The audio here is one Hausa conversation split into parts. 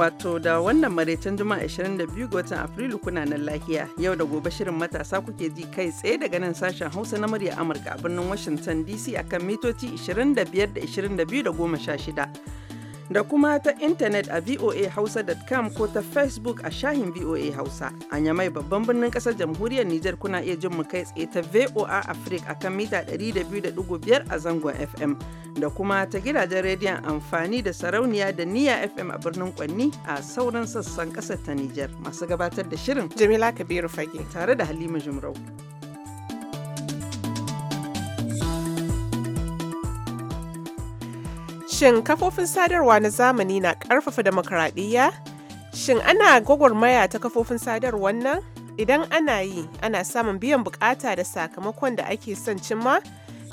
wato da wannan maraicin juma'a 22 ga watan afrilu kuna nan lahiya yau da gobe shirin matasa kuke ji kai tsaye daga nan sashen hausa na murya amurka a birnin washington dc akan mitoci 25 da 22 da 16 da kuma ta intanet a voahausa.com ko ta facebook a shahin voa hausa a yamai babban birnin kasar jamhuriyar nijar kuna iya jin mu kai tsaye ta voa africa kan mita 200.5 a zangon fm da kuma ta gidajen rediyon amfani da sarauniya da niya fm a birnin kwanni a sauran sassan kasar ta nijar masu gabatar da shirin jamila kabiru fage tare da halima jumrau Shin kafofin sadarwa na zamani na ƙarfafa demokradiyya? Shin ana gwagwarmaya ta kafofin sadarwar nan? Idan ana yi, ana samun biyan bukata da sakamakon da ake son cimma?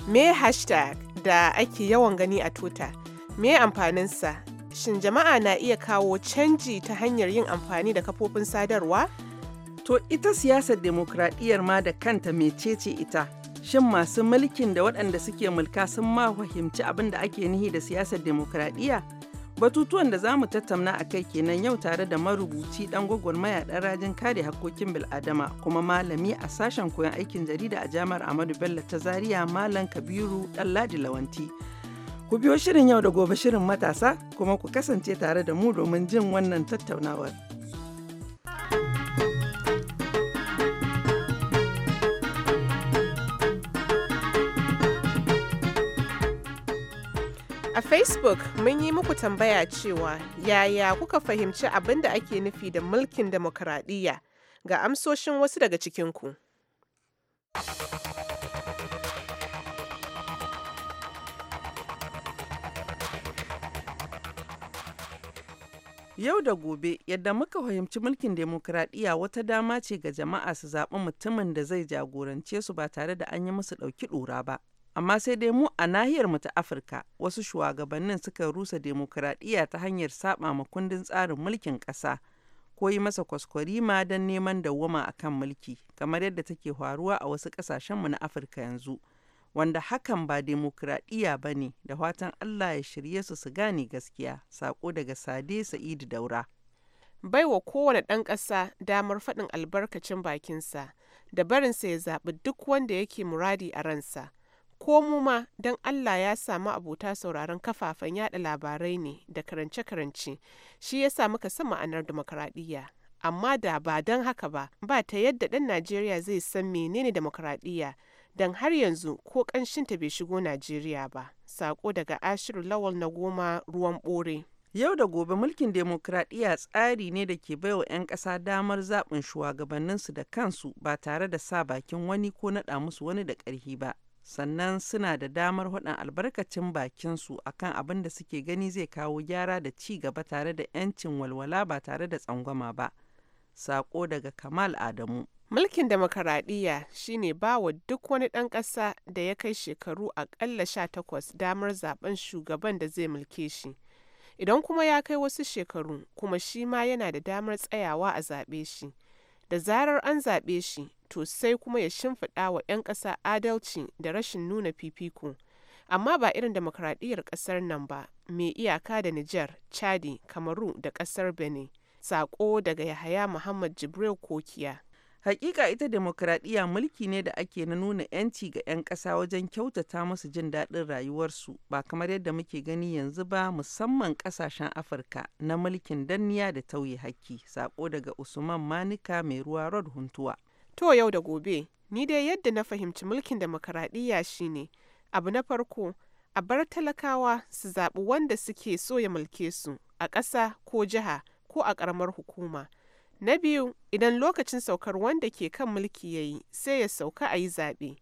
Me hashtag da ake yawan gani a tuta? Me amfaninsa? Shin jama'a na iya kawo canji ta hanyar yin amfani da kafofin sadarwa? To ita siyasar demokradiyyar ma da kanta mecece ita, shin masu mulkin da waɗanda suke mulka sun ma fahimci abin da ake nihi da siyasar demokradiyya batutuwan da za mu tattauna a kai kenan yau tare da marubuci dan maya ɗan rajin kare hakkokin bil'adama kuma malami a sashen koyon aikin jarida a jami'ar amadu bello ta zaria malam kabiru ɗan ladi lawanti ku biyo shirin yau da gobe shirin matasa kuma ku kasance tare da mu domin jin wannan tattaunawar Facebook mun yi muku tambaya cewa yaya kuka fahimci abin da ake nufi da mulkin demokradiyya ga amsoshin wasu daga cikinku. Yau da gobe yadda muka fahimci mulkin demokradiyya wata dama ce ga jama'a su zaɓi mutumin da zai jagorance su ba tare da an yi musu ɗauki ɗora ba, Amma sai dai mu a nahiyar mu ta Afirka, wasu shugabannin suka rusa demokuraɗiyya ta hanyar saɓa ma kundin tsarin mulkin ƙasa ko yi masa kwaskwarima don neman dawwama a kan mulki, kamar yadda take faruwa a wasu ƙasashenmu na Afirka yanzu, wanda hakan ba demokuraɗiyya ba ne, da fatan Allah ya shirye su su gane gaskiya, sako daga Sade Sa'idu Daura. baiwa kowane ɗan ƙasa damar faɗin albarkacin bakinsa da barinsa ya zaɓi duk wanda yake muradi a ransa ko mu ma don Allah ya samu abota sauraron kafafen yada labarai ne da karance-karance shi ya sa muka san ma'anar demokradiyya amma da ba don haka ba ba ta yadda ɗan Najeriya zai san menene demokradiyya don har yanzu ko ta bai shigo Najeriya ba sako daga ashirin lawal na goma ruwan bore. Yau da gobe mulkin demokradiyya tsari ne da ke baiwa 'yan ƙasa damar zaɓin shugabanninsu da kansu ba tare da sa bakin wani ko naɗa musu wani da ƙarfi ba. sannan suna da damar hudun albarkacin bakinsu akan abin da suke gani zai kawo gyara da ci gaba tare da 'yancin walwala ba tare da tsangwama ba. Sako daga Kamal Adamu. Mulkin demokaradiyya shine ba wa duk wani ɗan ƙasa da ya kai shekaru aƙalla sha takwas damar zaben shugaban da zai mulke shi. Idan kuma ya kai wasu shekaru kuma shi ma yana da damar tsayawa a zaɓe shi. Da zarar an zaɓe shi, to sai kuma ya shimfiɗa wa 'yan ƙasa adalci da rashin nuna fifiko. Amma ba irin demokradiyyar ƙasar nan ba, mai iyaka da Nijar, Chadi, Kamaru da ƙasar Benin. Sako daga Yahaya Muhammad Jibril Kokiya. Hakika ita demokradiyya mulki ne da ake na nuna 'yanci ga 'yan ƙasa wajen kyautata masu jin daɗin rayuwarsu ba kamar yadda muke gani yanzu ba musamman ƙasashen Afirka na mulkin danniya da tauye hakki. Sako daga Usman Manika mai ruwa Rod Huntuwa. To yau da gobe, ni dai yadda na fahimci mulkin demokaradiyya shine abu na farko a bar talakawa su zaɓi wanda suke so ya mulke su a ƙasa ko jiha ko a ƙaramar hukuma. Na biyu, idan lokacin saukar wanda ke kan mulki ya yi sai ya sauka a yi zaɓe.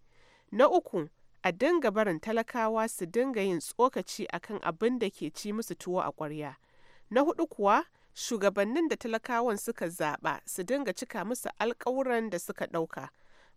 Na uku, a dinga barin talakawa su dinga yin tsokaci akan abin da ke ci musu tuwo a ƙwarya. Na huɗu kuwa, shugabannin da talakawan suka zaɓa su dinga cika musu alkawuran da suka ɗauka.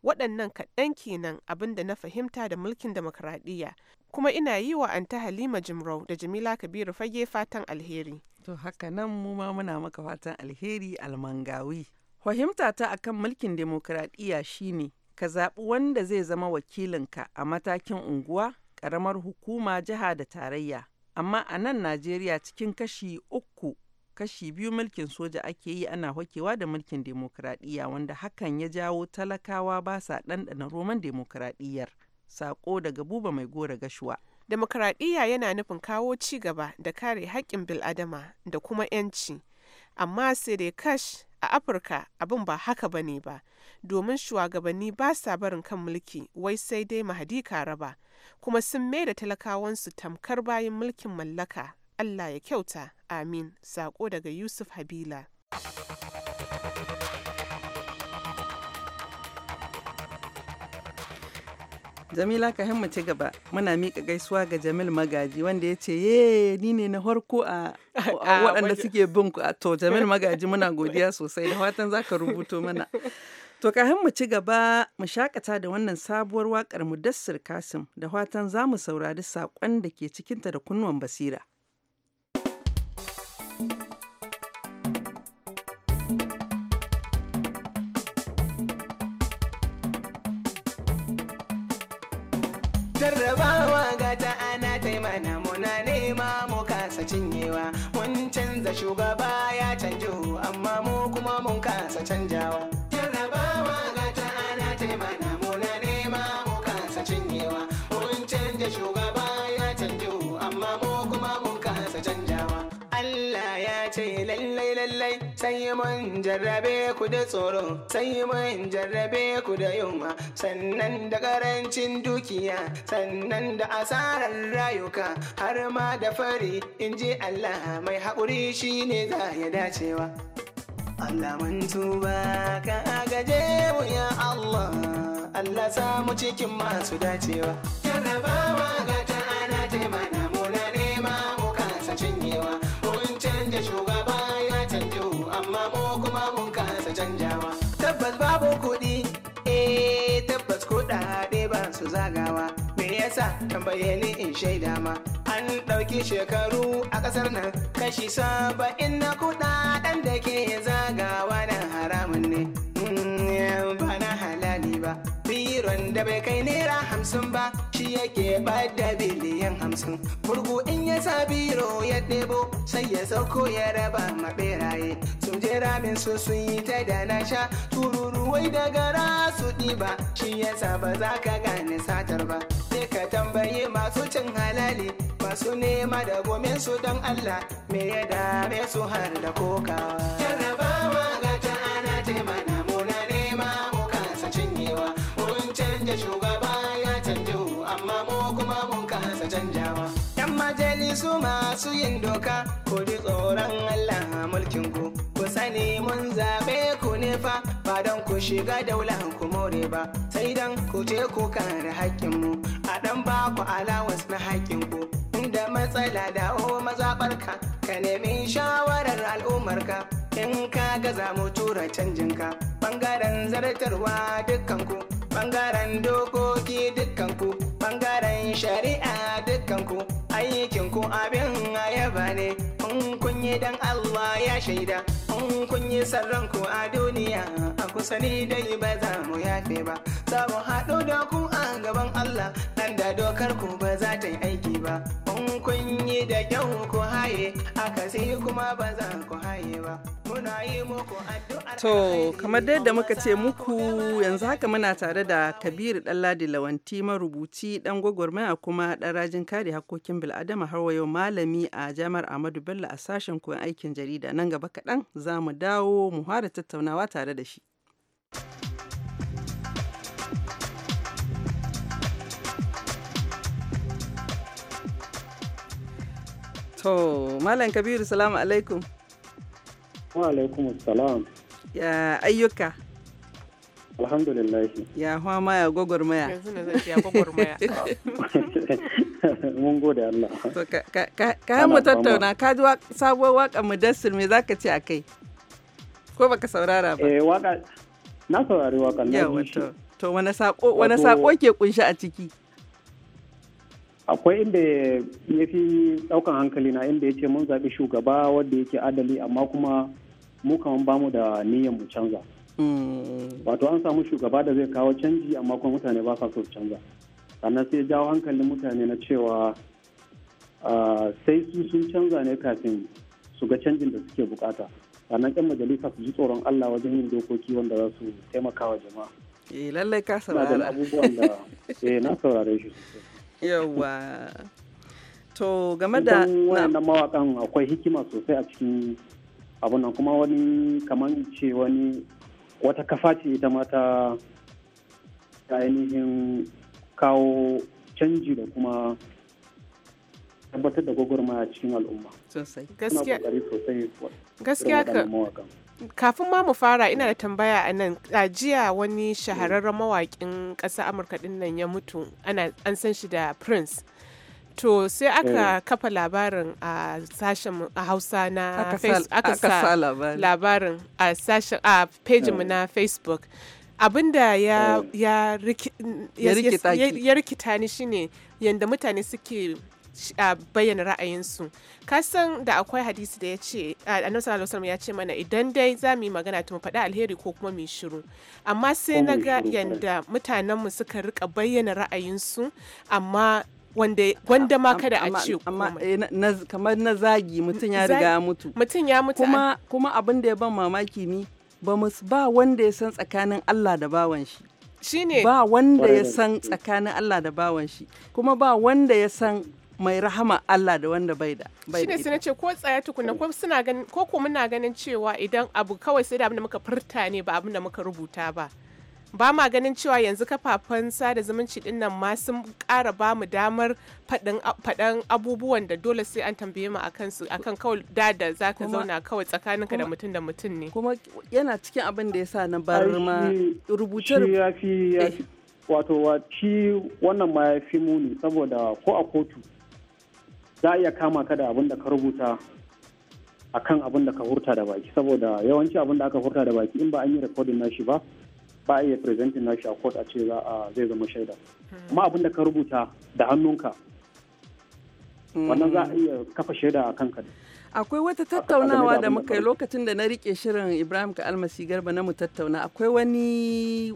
Waɗannan kaɗan kenan abin da na fahimta da mulkin demokradiyya. Kuma ina yi wa anta Halima Jimrau da Jamila Kabiru fage fatan alheri. To haka nan mu ma muna maka fatan alheri almangawi. Fahimta ta akan mulkin demokradiyya shine ka zaɓi wanda zai zama wakilinka a matakin unguwa, ƙaramar hukuma, jiha da tarayya. Amma a nan Najeriya cikin kashi uku kashi biyu mulkin soja ake yi ana hokewa da mulkin demokradiyya wanda hakan ya jawo talakawa ba sa ɗanɗana roman demokradiyyar sako daga buba mai gora gashuwa demokradiyya yana nufin kawo ci gaba da kare haƙƙin bil'adama da kuma 'yanci amma sai dai kash a afirka abin ba haka ba ne ba domin shugabanni ba sa barin kan mulki wai sai dai mahadi ba kuma sun mai da talakawansu tamkar bayan mulkin mallaka Allah ya kyauta amin sako daga Yusuf Habila. Jamila ka mu ci gaba muna miƙa gaisuwa ga Jamil Magaji wanda ya ce ye ni ne na harko a waɗanda suke bin ku to Jamil Magaji muna godiya sosai da zaka rubuto mana To ka mu ci gaba mu shakata da wannan sabuwar waƙar Mudassir Kasim da watan za mu saurari saƙon da ke cikinta da kunnuwan basira. sugar jarrabe ku da tsoro sai mun jarrabe ku da yunwa sannan da karancin dukiya sannan da asarar rayuka har ma da fari in ji Allah mai haƙuri shi ne za ya dacewa Allah mun tuba ka gaje mu ya Allah Allah samu cikin masu dacewa jarrabawa ga tabbas babu kuɗi eh tabbas kuɗaɗe ba su zagawa me yasa tambaye ni in shaida ma an ɗauki shekaru a ƙasar nan kashi saba'in na kuɗaɗen da ke zagawa na haramun ne mm, ba na halali ba biron da bai kai naira hamsin ba shi yake da biliyan hamsin burgu in ya sa biro ya ɗebo sai ya sauko ya raba ma beraye sun je ramin su sun yi ta da na sha tururuwai daga rasu ɗiba shi ya sa ba za ka gane satar ba sai ka tambaye masu cin halali masu nema da gomin su don Allah me ya dame su har da kokawa. Jarrabawa ga ta ana taimaka. su masu yin doka ku ji tsoron Allah mulkin ku ku sani mun zaɓe ku ne fa ba don ku shiga daular ku more ba sai dan ku je ku kare haƙƙin mu a dan ba ku alawas na haƙƙin ku inda matsala da dawo mazaɓarka ka nemi shawarar al'ummarka in ka gaza mu tura canjin ka bangaren zartarwa dukkan ku. bangaren dokoki dukkan ku. bangaren shari'a dukkan ku. aikin ku abin ayaba ne in kun yi dan Allah ya shaida in kun yi sarran ku a duniya a kusa ni dai ba za mu yafe ba za mu haɗu da ku a gaban Allah nan da dokar ku ba za ta yi aiki ba in da kyau ku haye sai kuma ba za ku haye ba muna yi muku addu'a to kamar da muka ce muku yanzu haka muna tare da kabiru ɗanladi lawanti marubuci ɗan gwagwarmaya kuma ɗan rajin kare hakokin bil'adama har wa yau malami a jami'ar ahmadu bello a sashen koyon aikin jarida nan gaba kaɗan za mu dawo mu fara tattaunawa tare da shi To, Malam Kabiru, salamu alaikum. Wa alaikum salam. Ya ayyuka. Alhamdulillah. Ya hwama ya gogor Yanzu ya Mun gode Allah. To, ka mu tattauna, ka ji sabuwar waƙa Mudassir me za ka ce a kai? Ko baka saurara ba? Eh, waƙa, na saurari waƙa na wato. To, wani saƙo ke kunshi a ciki? akwai inda ya fi daukan hankali na inda ya ce mun zaɓi shugaba wanda yake adali amma kuma mu kaman bamu da niyyar mu canza hmm. wato an samu shugaba da zai kawo canji amma kuma mutane ba sa so su canza sannan sai jawo hankalin mutane na cewa sai su sun canza ne kafin su ga canjin da suke bukata sannan yan majalisa su ji tsoron allah wajen yin dokoki wanda za su taimaka wa jama'a eh lallai ka saurara eh, na saurare shi sosai Yawwa. To game da wannan mawakan akwai hikima sosai a cikin abun kuma wani kamar ce wani wata kafa ce ita ma ta ainihin kawo canji da kuma tabbatar da gwagwarmaya cikin al'umma. Sosai. Gaskiya. Gaskiya ka. kafin ma mu fara ina da mm. tambaya a nan a jiya wani mm. shahararren mawaƙin ƙasa amurka ɗin nan ya mutu ana an san shi da prince to sai aka eh. kafa labarin a sashen a hausa na aka labarin a sashen a pejinmu eh. na facebook abinda eh. ya rikita ni shine yadda mutane suke bayyana ra'ayinsu kasan da akwai hadisi da ya ce annabi sallallahu alaihi wasallam ya ce mana idan dai za mu yi magana to mu faɗi alheri ko kuma mu shiru amma sai na ga yadda eh. mutanen mu suka rika bayyana ra'ayinsu amma wanda ma kada a ce eh, kamar na zagi mutum ya riga mutu mutum ya mutu kuma kuma abin da ya ban mamaki ni ba ba wanda ya san tsakanin Allah da bawan shi ba wanda ya san tsakanin Allah da bawan shi kuma ba wanda ya san mai rahama Allah da wanda bai da Shi ne suna ce ko tsaya tukuna ko suna ganin ko ko muna ganin cewa idan abu kawai sai da abin da muka furta ne ba abin da muka rubuta ba ba ma ganin cewa yanzu kafafen sada zumunci din nan ma sun ƙara ba mu damar faɗan abubuwan da dole sai an tambaye mu akan su akan kawai da da za ka zauna kawai tsakaninka da mutum da mutum ne kuma yana cikin abin da ya sa na bar ma rubuce wato ci wannan ma ya fi muni saboda ko a kotu za a iya kama ka da abin da ka rubuta a kan abin da ka hurta da baki saboda yawanci abin da aka hurta da baki in ba an yi rikodin nashi ba ba a iya presentin nashi a court a ce zai zama shaida amma abin da ka rubuta da hannunka wannan za a iya kafa shaida a kanka akwai wata tattaunawa da muka yi lokacin da na rike shirin ibrahim ka almasi garba na mu tattauna akwai wani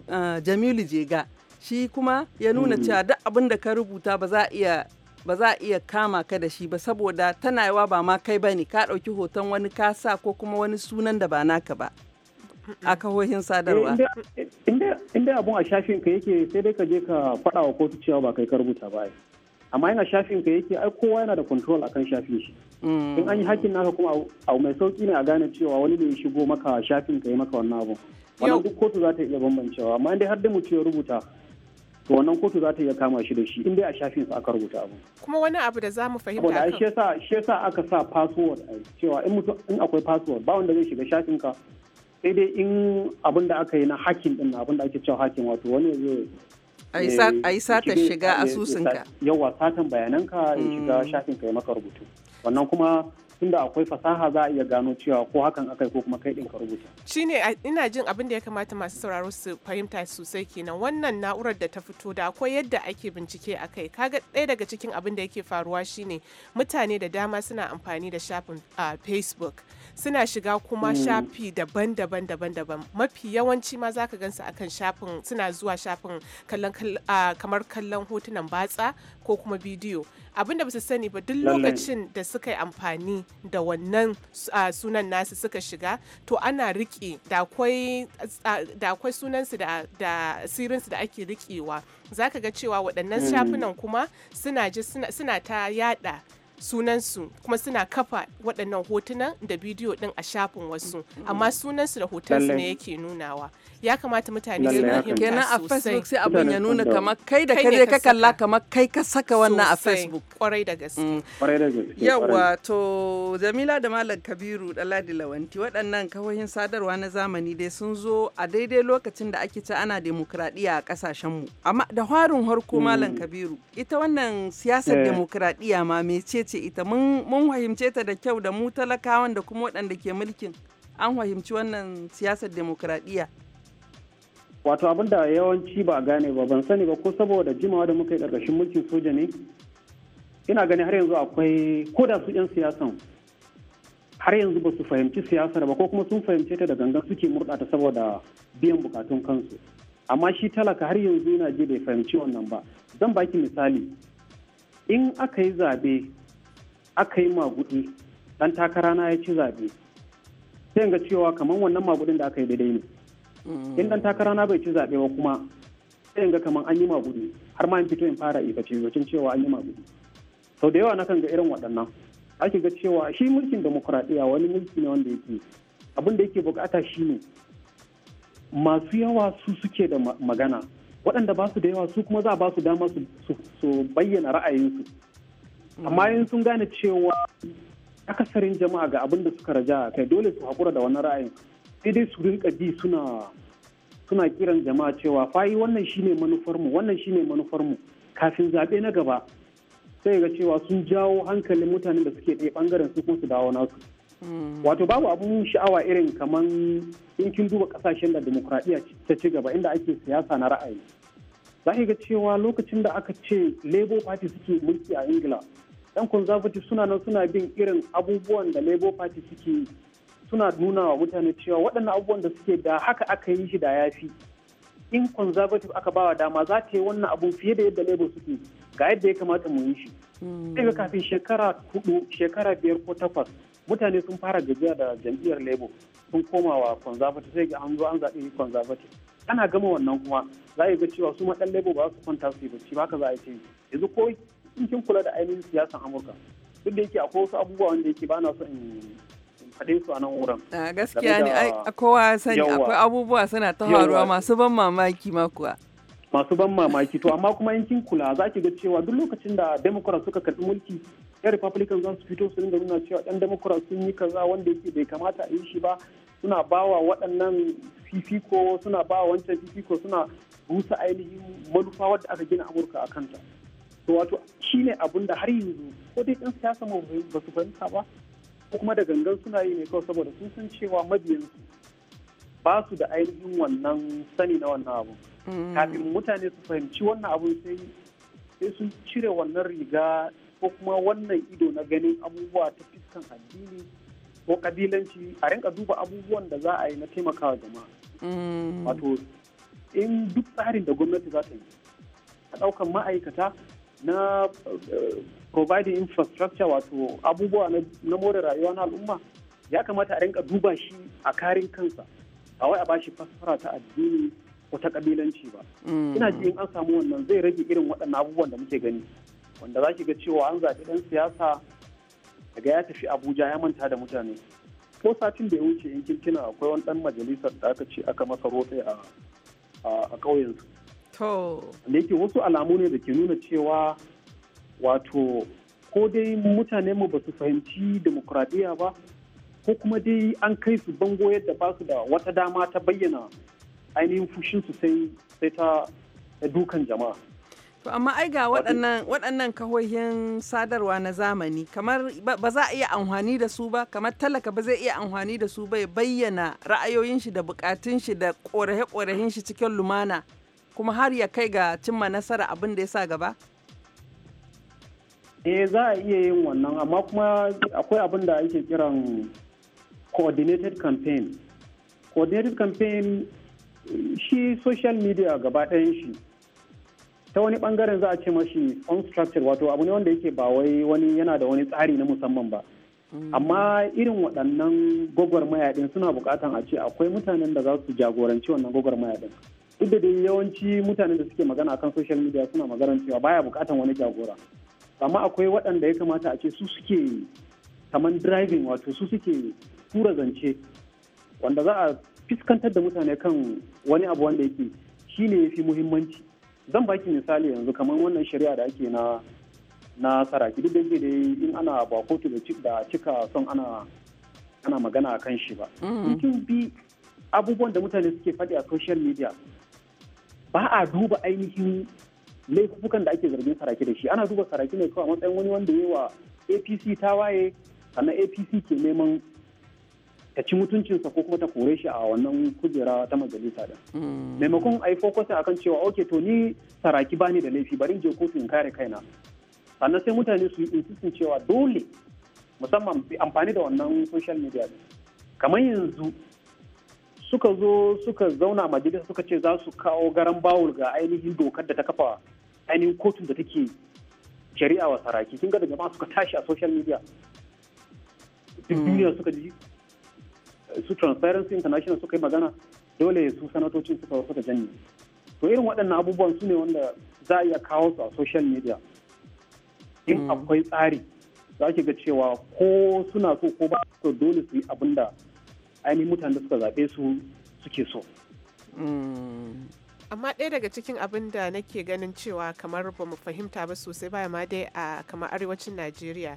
eh, jamilu jega shi kuma ya nuna mm. cewa duk abin da ka rubuta ba za a iya ba za a iya kama ka da shi ba saboda tana yawa ba ma kai bane ka ɗauki hoton wani kasa ko kuma wani sunan da ba naka ba a kahohin sadarwa. Eh, inda abun a shafin ka yake sai dai ka je ka faɗa wa kotu cewa ba kai ka rubuta ba amma yana shafin ka yake ai kowa yana da control akan shafin shi. Mm. In an yi hakkin naka kuma abu mai sauki ne a gane cewa wani ne ya shigo maka shafin ka yi maka wannan abun Wannan duk kotu za ta iya bambancewa amma inda har da mu ce rubuta to wannan kotu za ta iya kama shi da shi in dai a shafin sa aka rubuta abu kuma wani abu da za mu fahimta akan shi yasa shi yasa aka sa password cewa in mutum in akwai password ba wanda zai shiga shafin ka sai dai in abin da aka yi na hacking din abin da ake cewa hacking wato wani zai a yi sata shiga asusunka yawa satan bayananka ya shiga hmm. shafin ka ya maka rubutu wannan kuma tunda akwai fasaha za a iya gano cewa ko hakan akai ko kuma kai din ka rubuta ne ina jin abin da ya kamata masu sauraro su fahimta sosai kenan wannan na'urar da ta fito da akwai yadda ake bincike a kai kaga ɗaya daga cikin abin da yake faruwa shine mutane da dama suna amfani da shafin facebook suna shiga kuma hmm. shafi daban-daban daban-daban mafi yawanci ma zaka gansu akan shafin suna zuwa shafin kallon kamar kallon hotunan batsa ko kuma bidiyo abinda da ba su sani ba duk lokacin da suka yi amfani da wannan sunan nasu suka shiga to ana riƙe da akwai sunansu da sirinsu da ake riƙewa ka ga cewa waɗannan hmm. shafunan kuma suna ta yaɗa. sunansu kuma suna kafa waɗannan hotunan da bidiyo ɗin a shafin wasu amma sunansu da hotunansu ne yake nunawa ya kamata mutane su fahimta kenan a facebook sai abin ya nuna kamar kai da kai ka kalla kamar kai ka saka wannan a facebook kwarai da gaske mm. yawa to jamila da malam kabiru da Ladi lawanti waɗannan kawohin sadarwa na zamani dai sun zo a daidai lokacin da ake ci ana demokradiyya a kasashen mu amma da harin harko malam mm. kabiru ita wannan siyasar eh. demokradiyya ma ce. ce ita mun fahimce ta da kyau da mu talakawan da kuma waɗanda ke mulkin an fahimci wannan siyasar demokradiyya. wato abin da yawanci ba gane ba ban sani ba ko saboda jimawa da muka yi ƙarƙashin mulkin soja ne ina gani har yanzu akwai ko da su 'yan siyasan har yanzu ba su fahimci siyasar ba ko kuma sun fahimce ta da gangan suke ta saboda biyan bukatun kansu amma shi talaka har yanzu yana je bai fahimci wannan ba zan baki misali in aka yi zabe aka yi maguɗi ɗan takara na ya ci zabe sai ga cewa kamar wannan maguɗin da aka yi daidai ne mm. in ɗan takara na bai ci zabe ba kuma sai ga kamar an yi maguɗi har ma in fito in fara iface yocin cewa an yi maguɗi sau da yawa nakan ga irin waɗannan ake ga cewa shi mulkin demokuraɗiyya wani mulki ne wanda yake abin da yake bukata shine masu yawa su suke da magana waɗanda ba su da yawa su kuma za a ba su dama su bayyana ra'ayinsu amma yin sun gane cewa akasarin jama'a ga abin da suka raja kai dole su haƙura da wannan ra'ayin sai dai su rinka bi suna suna kiran jama'a cewa fayi wannan shine mu wannan shine mu kafin zaɓe na gaba sai ga cewa sun jawo hankalin mutanen da suke ɗaya ɓangaren su kuma su dawo nasu hmm. wato babu abun sha'awa irin kaman in kin duba ƙasashen da demokradiyya ta ci gaba inda ake siyasa na ra'ayi za ga cewa lokacin da aka ce labour party suke mulki a ingila ɗan conservative suna nan suna bin irin abubuwan da labour party suke yi suna nuna wa mutane cewa waɗannan abubuwan da suke da haka aka yi shi da ya fi in conservative aka bawa dama za ta yi wannan abun fiye da yadda labour suke ga yadda ya kamata mu yi shi hmm. daga kafin shekara hudu shekara biyar ko takwas mutane sun fara gajiya da jam'iyyar labo sun koma wa conservative sai ga an zo an zaɓi conservative ana gama wannan kuma za a ga cewa su ma ɗan labour ba su kwanta su yi bacci ba haka za a yi yanzu ko in kin kula da ainihin siyasan amurka duk da yake akwai wasu abubuwa wanda yake ba na so in faɗe su a nan wurin. A gaskiya ne, a kowa sani akwai abubuwa suna ta faruwa masu ban mamaki ma kuwa. Masu ban mamaki to amma kuma yankin kula za ki ga cewa duk lokacin da democrats suka karbi mulki yan Republican za su fito su dinga nuna cewa yan democrats sun yi kaza wanda yake bai kamata a yi shi ba suna bawa waɗannan fifiko suna bawa wancan fifiko suna rusa ainihin manufa wadda aka gina Amurka a kanta. to wato shine abun da har yanzu ko dai ɗan siyasa mu ba su fahimta ba ko kuma da gangan suna yi ne kawai saboda sun san cewa mabiyansu ba su da ainihin wannan sani na wannan abu mm. kafin mutane su fahimci wannan abun sai sai sun cire wannan riga ko kuma wannan ido na ganin abubuwa ta fiskan addini ko kabilanci a rinka duba abubuwan da za a yi na taimakawa jama'a mm. wato in duk tsarin da gwamnati za ta yi a ɗaukan ma'aikata na eh, providing infrastructure wato abubuwa na more rayuwa na al'umma ya kamata a rinka duba shi a karin kansa a wai a bashi fasfara ta addini ko ta kabilanci ba mm. ina ji in an samu wannan zai rage irin waɗannan abubuwan da muke gani wanda za ki ga cewa an zaɓi ɗan siyasa daga ya tafi abuja ya manta da mutane ko satin da ya wuce in kirkina akwai wani ɗan majalisar da aka ce aka masa rote a ƙauyensu To. Da wasu alamu ne da ke nuna cewa wato ko dai mutane mu ba su fahimci demokuraɗiyya ba ko kuma dai an kai su bango yadda ba su da wata dama ta bayyana ainihin fushin su sai ta dukan jama'a. To amma ai ga waɗannan kahohin sadarwa na zamani kamar ba za a iya amfani da su ba kamar talaka ba zai iya amfani da su ba bayyana ra'ayoyin shi da bukatun shi da ƙorahe-ƙorahin shi cikin lumana. kuma har ya kai ga cimma nasara abin da ya sa gaba? Eh za a iya yin wannan amma kuma akwai abin da ake kiran coordinated campaign. Coordinated campaign shi social media gaba ɗayan shi. ta wani bangaren za a ce mashi unstructured wato abu ne wanda yake ba wai wani yana da wani tsari na musamman ba mm. amma irin waɗannan gwagwarmaya ɗin suna bukatan a ce akwai mutanen da za su jagoranci wannan gwagwarmaya ɗin duk da dai yawanci mutanen da suke magana akan social media suna magana cewa baya bukatan wani jagora amma akwai waɗanda ya kamata a ce su suke kamar driving wato su suke tura zance wanda za a fiskantar da mutane kan wani abu wanda yake shi ne fi muhimmanci zan baki misali yanzu kamar wannan shari'a da ake na na saraki duk da yake dai in ana ba kotu da cika son ana ana magana akan shi ba. Mm-hmm. Mutum bi abubuwan da mutane suke faɗi a social media ba a duba ainihin laifukan da ake zargin saraki da shi ana duba saraki ne kawai matsayin wani wanda ya wa apc ta waye sannan apc ke neman ta ci mutuncinsa ko kuma ta kore shi a wannan kujera ta majalisa da hmm. maimakon a yi fokusin akan cewa oke to ni saraki ba bani da laifi bari je kotu in kare kaina sannan sai mutane su yi insistin cewa dole musamman amfani da wannan social media kamar yanzu suka zo suka zauna majalisa suka ce za su kawo garan bawul ga ainihin dokar da ta kafa ainihin kotun da take shari'a wa saraki kin ga da jama'a suka tashi a social media duk hmm. duniya suka ji su transparency international suka yi magana dole su sanatocin suka wasu da janye to irin waɗannan abubuwan su ne wanda za a iya kawo su a social media in hmm. akwai tsari za ki ga cewa ko suna so ko ba su dole su yi abin da ainihin mutanen da suka zaɓe su suke so. amma ɗaya daga cikin abin da nake ganin cewa kamar ba mu fahimta ba sosai ba ma dai a kamar arewacin najeriya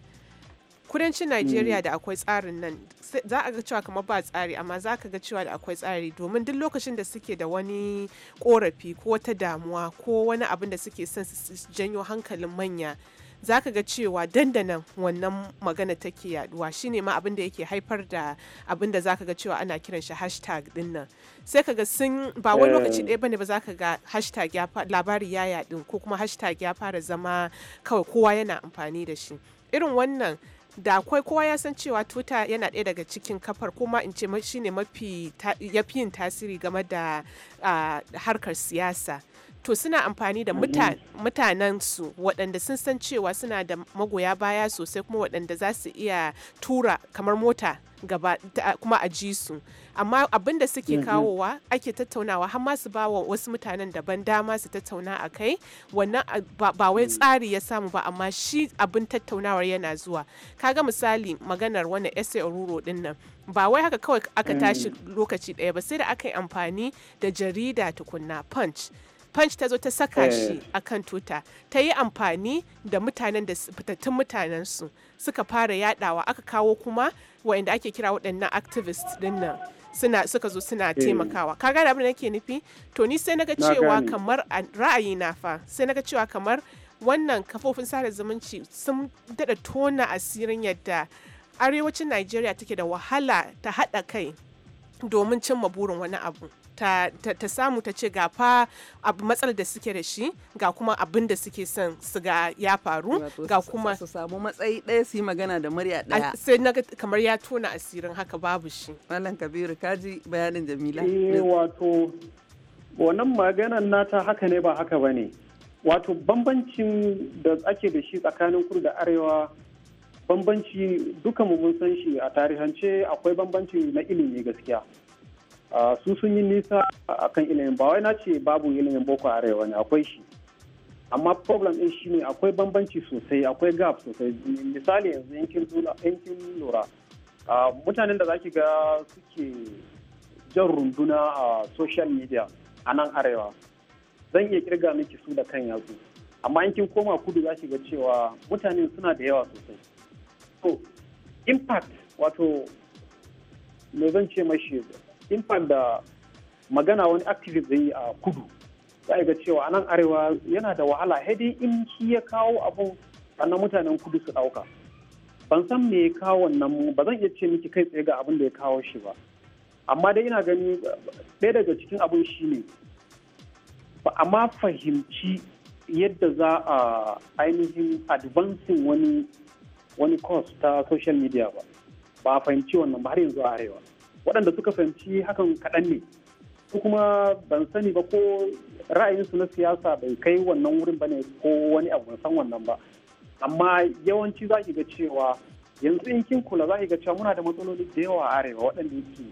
kudancin najeriya mm. da akwai tsarin nan za a ga cewa kamar ba tsari amma za ka ga cewa da akwai tsari domin duk lokacin da suke da wani korafi ko wata damuwa ko wani abin da suke son su janyo hankalin manya za ka ga cewa dandanan wannan magana take yaduwa shine ma abin da yake haifar da abin da za ka ga cewa ana kiran shi hashtag din nan sai ka ga sun ba wani eh. lokaci ɗaya bane ba za ka ga hashtag ya labari ya yaɗu ko kuma hashtag ya fara zama kawai kowa yana amfani da shi irin wannan da akwai kowa ya san cewa tuta yana ɗaya daga cikin kafar kuma in ce shi ne mafi yin tasiri game da ah, harkar siyasa to suna amfani da mutanen su waɗanda sun san cewa suna da magoya baya sosai kuma waɗanda za su iya tura kamar mota gaba kuma a ji su amma abin da suke kawowa ake tattaunawa har ma su ba wa wasu mutanen daban dama su tattauna a kai wannan ba wai mm. tsari ya samu ba amma shi abin tattaunawar yana zuwa kaga misali maganar wannan essay oruro din nan ba wai haka kawai aka tashi mm. lokaci ɗaya ba sai da aka yi amfani da jarida tukunna punch punch ta zo ta saka eh. shi a kan tuta ta yi amfani da mutanen da fitattun mutanen su suka fara yadawa aka kawo kuma wayanda ake kira waɗannan activist din nan suna suka zo suna eh. taimakawa ka gane abin da nake nufi to ni sai naga cewa kamar ra'ayi na fa sai naga cewa kamar wannan kafofin sada zumunci sun dada tona asirin yadda arewacin Najeriya take da wahala ta haɗa kai domin cimma burin wani abu. ta, samu ta ce ga fa matsalar da suke da shi ga kuma abin da suke son su ga ya faru ga kuma su samu matsayi ɗaya su yi magana da murya ɗaya sai na kamar ya tona asirin haka babu shi malam kabiru kaji bayanin jamila ne eh, wato wannan maganan nata haka ne ba haka ba ne wato bambancin da ake da shi tsakanin kudu da arewa bambanci duka mun san shi a tarihance akwai bambanci na ilimi gaskiya su sun yi nisa akan ilimin ba wai na ce babu ilimin boko arewa ne akwai shi amma problem ɗin shine akwai bambanci sosai akwai gap sosai misali yanzu yankin lura mutanen da zaki ga suke jan runduna a social media a nan arewa zan iya kirga miki su da kan yazu amma yankin koma kudu za ga cewa mutanen suna da yawa sosai to impact wato me zan ce mashi in da magana wani activist zai a kudu za ga cewa a nan arewa yana da wahala dai in shi ya kawo abu sannan mutanen kudu su ɗauka ban san me ya kawo wannan mu ba zan iya ce miki kai tsaye ga abin da ya kawo shi ba amma dai ina gani ɗaya daga cikin abin shi ne ba a ma fahimci yadda za a ainihin advancing wani wani ta social media ba ba a fahimci wannan ba har yanzu a arewa waɗanda suka fahimci hakan kaɗan ne su kuma ban sani ba ko ra'ayinsu na siyasa bai kai wannan wurin ba ne ko wani abu san wannan ba amma yawanci za ki ga cewa yanzu in kin kula za ki ga cewa muna da matsaloli da yawa a arewa waɗanda yake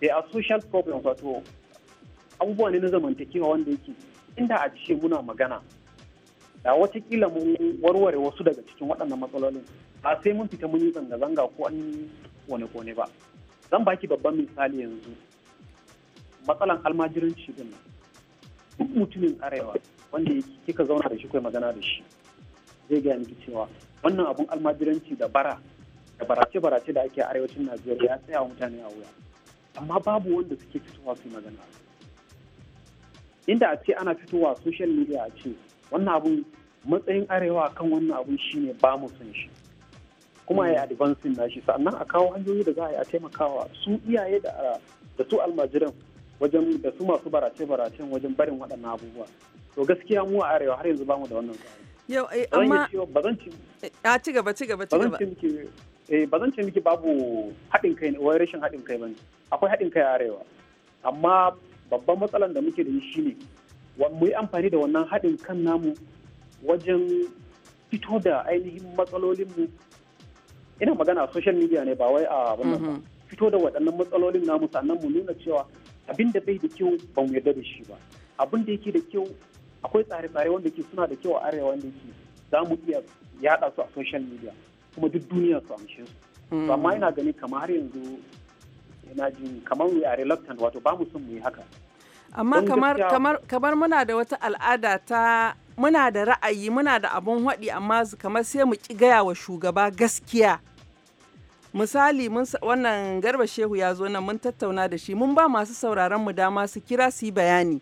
they a social problems wato abubuwa ne na zamantakewa wanda yake inda a ce muna magana da watakila mun warware wasu daga cikin waɗannan matsalolin ba sai mun fita mun yi zanga-zanga ko an kone-kone ba zan baki babban misali yanzu matsalan almajiranci din duk mutumin arewa wanda kika zauna da shi kai magana da shi zai gaya miki cewa wannan abun almajiranci da bara da barace-barace da ake arewacin najeriya ya tsaya mutane a wuya amma babu wanda suke fitowa su magana inda a ce ana fitowa social media a ce wannan abun matsayin arewa kan wannan abun shine ba mu son shi kuma ya mm. yi advancing shi sannan a kawo hanyoyi da za a yi a taimakawa su iyaye da su almajiran wajen da su masu barace-baracen wajen barin waɗannan abubuwa to gaskiya mu a arewa har yanzu bamu da wannan tsari yau amma eh, ba zan eh, a ci gaba ci gaba ci eh, ba zan ce miki babu haɗin kai ne wai rashin haɗin kai bane akwai haɗin kai a arewa amma babban matsalan da muke da shi ne mu yi amfani da wannan haɗin kan namu wajen fito da ainihin matsalolinmu ina magana a social media ne ba wai a wannan mhm. fito da waɗannan matsalolin namu sannan mu nuna cewa abin da bai da kyau ba mu yarda da shi ba abin da yake da kyau akwai tsare-tsare wanda ke suna da kyau a arewa wanda ke za mu iya yaɗa su a social media kuma duk duniya su amshe su hmm. amma ina gani kamar har yanzu ina jin kamar we are reluctant wato ba mu son mu yi haka amma kamar kamar kamar muna da wata al'ada ta muna da ra'ayi muna da abun haɗi amma kamar sai mu ki gaya wa shugaba gaskiya misali wannan garba shehu ya zo nan mun tattauna da shi mun ba masu sauraron mu dama su kira su bayani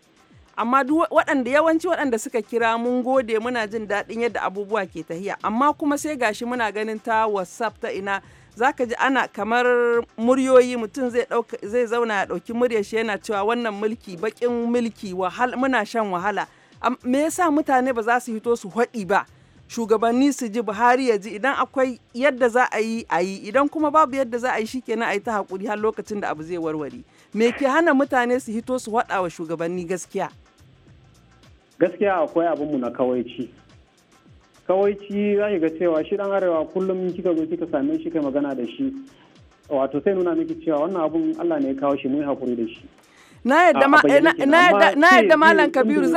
amma duk waɗanda yawanci waɗanda suka kira mun gode muna jin daɗin yadda abubuwa ke tahiya amma kuma sai gashi muna ganin ta whatsapp ta ina zaka ji ana kamar muryoyi mutum zai zai zauna ya ɗauki muryar shi yana cewa wannan mulki bakin mulki wahal muna shan wahala me yasa mutane ba za su hito su haɗi ba shugabanni su ji buhari ya ji idan akwai yadda za a yi a yi idan kuma babu yadda za a yi shikenan a yi ta hakuri har lokacin da abu zai warware me ke hana mutane su hito su haɗa wa shugabanni gaskiya gaskiya akwai abinmu na kawaici kawaici za ki ga cewa shi dan arewa kullum kika zo kika same shi kai magana da shi wato sai nuna miki cewa wannan abun Allah ne ya kawo shi mu yi hakuri da shi na yadda malam kabiru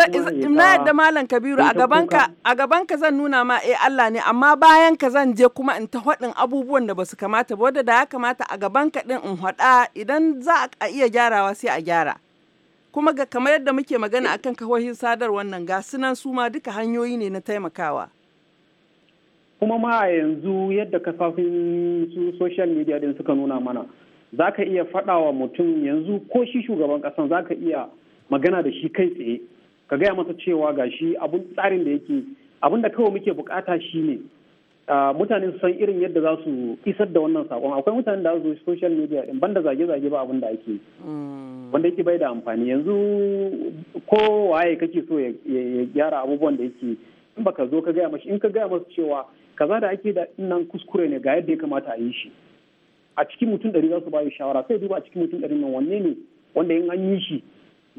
na yadda malam kabiru a gabanka a gabanka zan nuna ma eh Allah ne amma bayan ka zan je kuma in ta hadin abubuwan da basu kamata ba wanda da ya kamata a gabanka din in hada idan za a iya gyarawa sai a gyara kuma ga kamar yadda muke magana akan kahohin sadar wannan ga sunan su ma duka hanyoyi ne na taimakawa kuma ma yanzu yadda kafafin su social media din suka nuna mana za ka iya faɗa wa mutum yanzu ko shi shugaban kasan za ka iya magana da shi kai tsaye ka gaya masa cewa ga shi abun tsarin da yake abun da kawai muke bukata shi ne mutane su san irin yadda za su isar da wannan sakon akwai mutane da su social media din banda zage-zage ba abun da ake mm. wanda yake bai da amfani yanzu ko waye kake so ya gyara abubuwan da yake in baka zo ka gaya masa in ka gaya masa cewa kaza da ake da nan kuskure ne ga yadda ya kamata a yi shi a cikin mutum ɗari za su bayi shawara sai duba a cikin mutum ɗari nan wanne ne wanda in an yi shi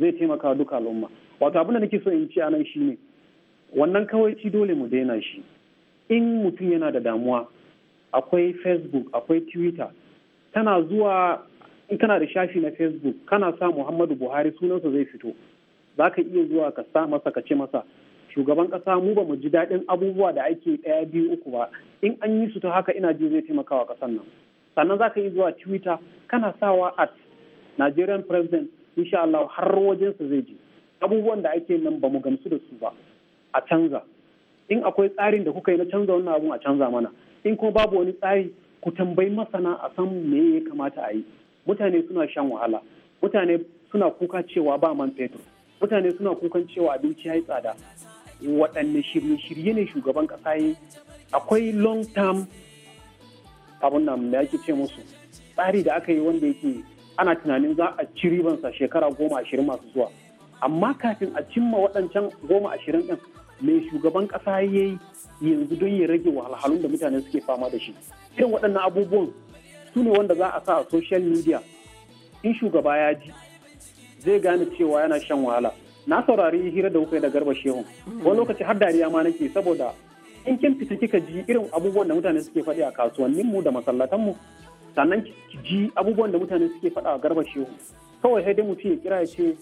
zai taimaka duka al'umma wato abin da nake so in ci a nan shine wannan kawai ci dole mu daina shi in mutum yana da damuwa akwai facebook akwai twitter tana zuwa in kana da shafi na facebook kana sa muhammadu buhari sunansa zai fito za ka iya zuwa ka sa masa ka ce masa shugaban kasa mu ba mu ji daɗin abubuwa da ake ɗaya biyu uku ba in an yi su ta haka ina ji zai taimakawa ƙasar nan sannan za ka yi zuwa twitter kana sawa at nigerian president insha Allah har wajensa zai je abubuwan da ake nan ba mu gamsu da su ba a canza in akwai tsarin da kuka yi na canza wannan abun a canza mana in kuma babu wani tsari ku tambayi masana a san me ya kamata a yi mutane suna shan wahala mutane suna kuka cewa ba man fetur mutane suna kukan cewa abinci ya yi tsada waɗanne shirye-shirye ne shugaban ƙasa yi akwai long term abun nan da yake ce musu tsari da aka yi wanda yake ana tunanin za a ci ribansa shekara goma ashirin masu zuwa amma kafin a cimma waɗancan goma ashirin ɗin mai shugaban ƙasa ya yi yanzu don ya rage wahalhalun da mutane suke fama da shi irin waɗannan abubuwan su ne wanda za a sa a social media in shugaba ya ji zai gane cewa yana shan wahala na saurari hira da kuka da garba shehu wani lokaci har dariya ma nake saboda in kin fita kika ji irin abubuwan da mutane suke faɗi a kasuwannin mu da masallatan mu sannan ki ji abubuwan da mutane suke faɗa a garba shehu kawai sai dai mutum ya kira ya ce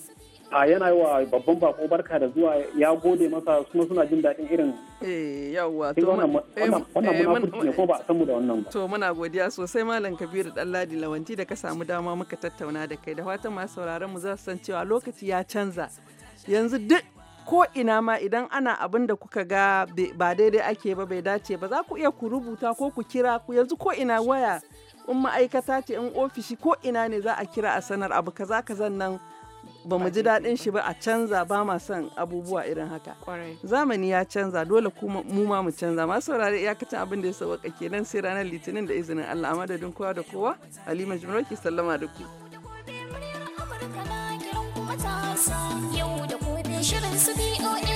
a yana yi wa babban bako barka da zuwa ya gode masa kuma suna jin daɗin irin eh, yawwa wannan eh, eh, munafurci ne ko ba a san da wannan ba to muna godiya sosai malam kabiru ɗanladi lawanti da ka samu dama muka tattauna da kai da fatan masu sauraron mu za su san cewa lokaci ya canza yanzu duk ko ina ma idan ana abin da kuka ga ba daidai ake ba bai dace ba za ku iya ku rubuta ko ku kira ku yanzu ko ina waya in ma'aikata ce in ofishi ko ina ne za a kira a sanar abu kaza zan nan ba mu ji daɗin shi ba a canza ba ma son abubuwa irin haka zamani ya canza dole kuma mu ma mu canza ma saurare iyakacin abin da ya sauka kenan sai ranar litinin da izinin Allah a madadin kowa da kowa Halima Jumroki sallama da ku the su BOA